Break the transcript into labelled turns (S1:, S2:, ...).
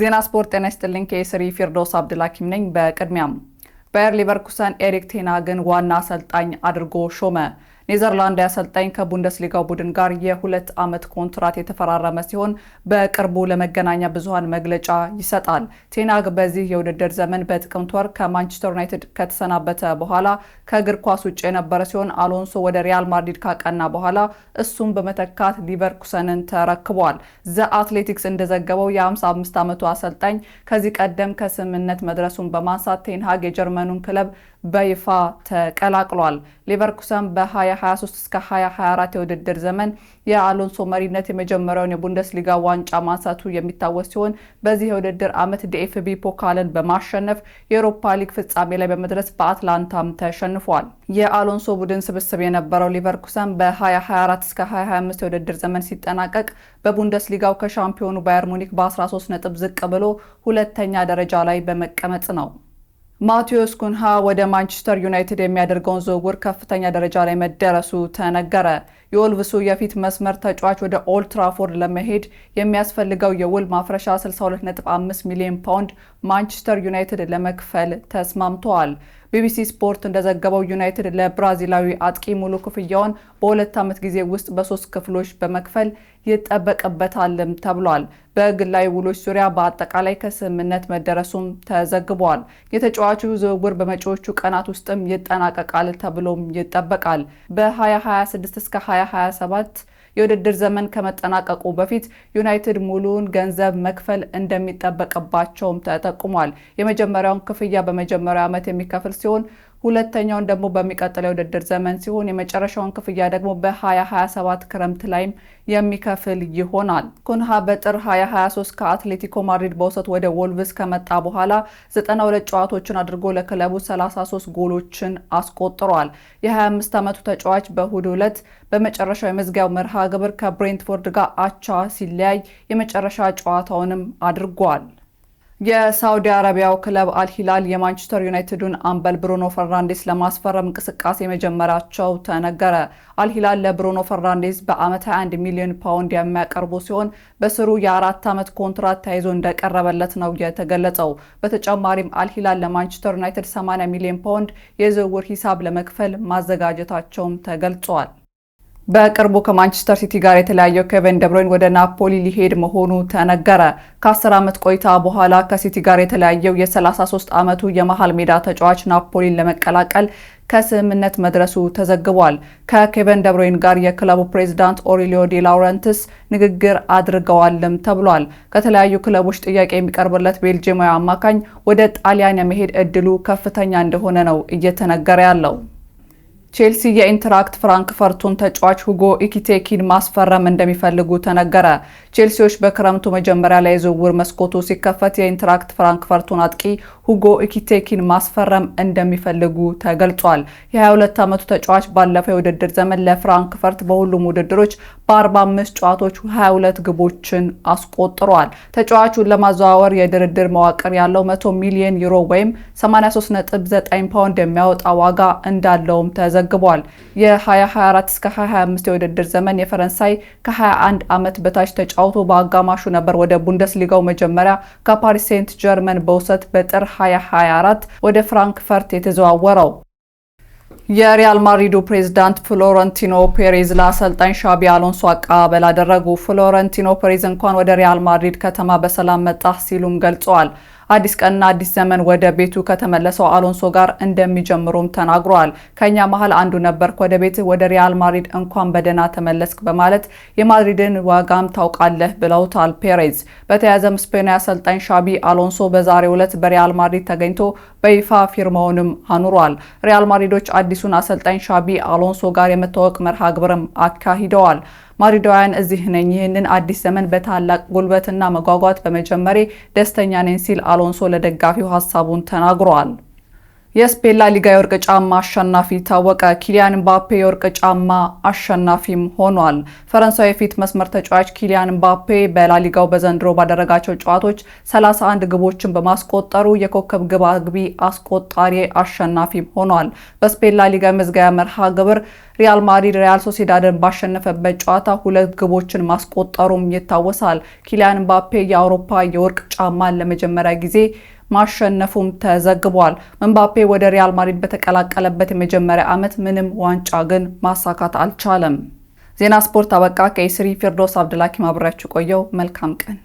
S1: ዜና ስፖርት ጤና ይስጥልኝ። ከኤስሪ ፊርዶስ አብድላኪም ነኝ። በቅድሚያም ባየር ሊቨርኩሰን ኤሪክ ቴን ዋና አሰልጣኝ አድርጎ ሾመ። ኔዘርላንድ አሰልጣኝ ከቡንደስሊጋው ቡድን ጋር የሁለት ዓመት ኮንትራት የተፈራረመ ሲሆን በቅርቡ ለመገናኛ ብዙሃን መግለጫ ይሰጣል። ቴናግ በዚህ የውድድር ዘመን በጥቅምት ወር ከማንቸስተር ዩናይትድ ከተሰናበተ በኋላ ከእግር ኳስ ውጭ የነበረ ሲሆን አሎንሶ ወደ ሪያል ማድሪድ ካቀና በኋላ እሱም በመተካት ሊቨርኩሰንን ተረክቧል። ዘ አትሌቲክስ እንደዘገበው የ55 ዓመቱ አሰልጣኝ ከዚህ ቀደም ከስምምነት መድረሱን በማንሳት ቴንሃግ የጀርመኑን ክለብ በይፋ ተቀላቅሏል። ሊቨርኩሰን በ በ2 2023 እስከ 2024 የውድድር ዘመን የአሎንሶ መሪነት የመጀመሪያውን የቡንደስሊጋ ዋንጫ ማንሳቱ የሚታወስ ሲሆን በዚህ የውድድር ዓመት ዲኤፍቢ ፖካልን በማሸነፍ የአውሮፓ ሊግ ፍጻሜ ላይ በመድረስ በአትላንታም ተሸንፏል። የአሎንሶ ቡድን ስብስብ የነበረው ሊቨርኩሰን በ2024 እስከ 2025 የውድድር ዘመን ሲጠናቀቅ በቡንደስሊጋው ከሻምፒዮኑ ባየር ሙኒክ በ13 ነጥብ ዝቅ ብሎ ሁለተኛ ደረጃ ላይ በመቀመጥ ነው። ማቴዎስ ኩንሃ ወደ ማንቸስተር ዩናይትድ የሚያደርገውን ዝውውር ከፍተኛ ደረጃ ላይ መደረሱ ተነገረ። የወልቭሱ የፊት መስመር ተጫዋች ወደ ኦልትራፎርድ ለመሄድ የሚያስፈልገው የውል ማፍረሻ 62.5 ሚሊዮን ፓውንድ ማንቸስተር ዩናይትድ ለመክፈል ተስማምተዋል። ቢቢሲ ስፖርት እንደዘገበው ዩናይትድ ለብራዚላዊ አጥቂ ሙሉ ክፍያውን በሁለት ዓመት ጊዜ ውስጥ በሶስት ክፍሎች በመክፈል ይጠበቅበታልም ተብሏል። በግላዊ ውሎች ዙሪያ በአጠቃላይ ከስምምነት መደረሱም ተዘግቧል። የተጫዋቹ ዝውውር በመጪዎቹ ቀናት ውስጥም ይጠናቀቃል ተብሎም ይጠበቃል። በ2026 እስከ 2027 የውድድር ዘመን ከመጠናቀቁ በፊት ዩናይትድ ሙሉውን ገንዘብ መክፈል እንደሚጠበቅባቸውም ተጠቁሟል። የመጀመሪያውን ክፍያ በመጀመሪያው ዓመት የሚከፍል ሲሆን ሁለተኛውን ደግሞ በሚቀጥለው የውድድር ዘመን ሲሆን የመጨረሻውን ክፍያ ደግሞ በ2027 ክረምት ላይም የሚከፍል ይሆናል። ኩንሃ በጥር 2023 ከአትሌቲኮ ማድሪድ በውሰት ወደ ወልቭስ ከመጣ በኋላ 92 ጨዋታዎችን አድርጎ ለክለቡ 33 ጎሎችን አስቆጥሯል። የ25 ዓመቱ ተጫዋች በእሁድ ዕለት በመጨረሻው የመዝጊያው መርሃ ግብር ከብሬንትፎርድ ጋር አቻ ሲለያይ የመጨረሻ ጨዋታውንም አድርጓል። የሳውዲ አረቢያው ክለብ አልሂላል የማንቸስተር ዩናይትዱን አምበል ብሩኖ ፈርናንዴስ ለማስፈረም እንቅስቃሴ መጀመራቸው ተነገረ። አልሂላል ለብሩኖ ፈርናንዴስ በአመት 21 ሚሊዮን ፓውንድ የሚያቀርቡ ሲሆን በስሩ የአራት ዓመት ኮንትራት ተያይዞ እንደቀረበለት ነው የተገለጸው። በተጨማሪም አልሂላል ለማንቸስተር ዩናይትድ 80 ሚሊዮን ፓውንድ የዝውውር ሂሳብ ለመክፈል ማዘጋጀታቸውም ተገልጿል። በቅርቡ ከማንቸስተር ሲቲ ጋር የተለያየው ኬቨን ደብሮይን ወደ ናፖሊ ሊሄድ መሆኑ ተነገረ። ከ10 ዓመት ቆይታ በኋላ ከሲቲ ጋር የተለያየው የ33 ዓመቱ የመሃል ሜዳ ተጫዋች ናፖሊን ለመቀላቀል ከስምምነት መድረሱ ተዘግቧል። ከኬቨን ደብሮይን ጋር የክለቡ ፕሬዚዳንት ኦሪሊዮ ዲ ላውረንትስ ንግግር አድርገዋልም ተብሏል። ከተለያዩ ክለቦች ጥያቄ የሚቀርብለት ቤልጅየማዊ አማካኝ ወደ ጣሊያን የመሄድ እድሉ ከፍተኛ እንደሆነ ነው እየተነገረ ያለው። ቼልሲ የኢንትራክት ፍራንክፈርቱን ተጫዋች ሁጎ ኢኪቴኪን ማስፈረም እንደሚፈልጉ ተነገረ። ቼልሲዎች በክረምቱ መጀመሪያ ላይ የዝውውር መስኮቱ ሲከፈት የኢንትራክት ፍራንክፈርቱን አጥቂ ሁጎ ኢኪቴኪን ማስፈረም እንደሚፈልጉ ተገልጿል። የ22 ዓመቱ ተጫዋች ባለፈው የውድድር ዘመን ለፍራንክፈርት በሁሉም ውድድሮች በ45 ጨዋታዎች 22 ግቦችን አስቆጥሯል። ተጫዋቹን ለማዘዋወር የድርድር መዋቅር ያለው 100 ሚሊዮን ዩሮ ወይም 83.9 ፓውንድ የሚያወጣ ዋጋ እንዳለውም ተዘግቧል። የ2024 እስከ 2025 የውድድር ዘመን የፈረንሳይ ከ21 ዓመት በታች ተጫውቶ በአጋማሹ ነበር ወደ ቡንደስሊጋው መጀመሪያ ከፓሪስ ሴንት ጀርመን በውሰት በጥር 2024 ወደ ፍራንክፈርት የተዘዋወረው። የሪያል ማድሪዱ ፕሬዝዳንት ፍሎረንቲኖ ፔሬዝ ለአሰልጣኝ ሻቢ አሎንሶ አቀባበል አደረጉ። ፍሎረንቲኖ ፔሬዝ እንኳን ወደ ሪያል ማድሪድ ከተማ በሰላም መጣህ ሲሉም ገልጸዋል። አዲስ ቀንና አዲስ ዘመን ወደ ቤቱ ከተመለሰው አሎንሶ ጋር እንደሚጀምሩም ተናግረዋል። ከእኛ መሀል አንዱ ነበርክ፣ ወደ ቤት ወደ ሪያል ማድሪድ እንኳን በደህና ተመለስክ በማለት የማድሪድን ዋጋም ታውቃለህ ብለውታል ፔሬዝ። በተያያዘም ስፔን አሰልጣኝ ሻቢ አሎንሶ በዛሬው ዕለት በሪያል ማድሪድ ተገኝቶ በይፋ ፊርማውንም አኑሯል። ሪያል ማድሪዶች አዲሱን አሰልጣኝ ሻቢ አሎንሶ ጋር የመተዋወቅ መርሃ ግብርም አካሂደዋል። ማሪዳውያን እዚህ ነኝ፣ ይህንን አዲስ ዘመን በታላቅ ጉልበትና መጓጓት በመጀመሬ ደስተኛ ነኝ ሲል አሎንሶ ለደጋፊው ሀሳቡን ተናግሯል። የስፔን ላሊጋ የወርቅ ጫማ አሸናፊ ታወቀ። ኪሊያን ምባፔ የወርቅ ጫማ አሸናፊም ሆኗል። ፈረንሳዊ የፊት መስመር ተጫዋች ኪሊያን ምባፔ በላሊጋው በዘንድሮ ባደረጋቸው ጨዋቶች 31 ግቦችን በማስቆጠሩ የኮከብ ግብ አግቢ አስቆጣሪ አሸናፊም ሆኗል። በስፔን ላሊጋ መዝጋያ መርሃ ግብር ሪያል ማድሪድ ሪያል ሶሴዳድን ባሸነፈበት ጨዋታ ሁለት ግቦችን ማስቆጠሩም ይታወሳል። ኪሊያን ምባፔ የአውሮፓ የወርቅ ጫማን ለመጀመሪያ ጊዜ ማሸነፉም ተዘግቧል። እምባፔ ወደ ሪያል ማድሪድ በተቀላቀለበት የመጀመሪያ ዓመት ምንም ዋንጫ ግን ማሳካት አልቻለም። ዜና ስፖርት አበቃ። ከኢስሪ ፊርዶስ አብድላኪ ማብሪያችሁ ቆየው። መልካም ቀን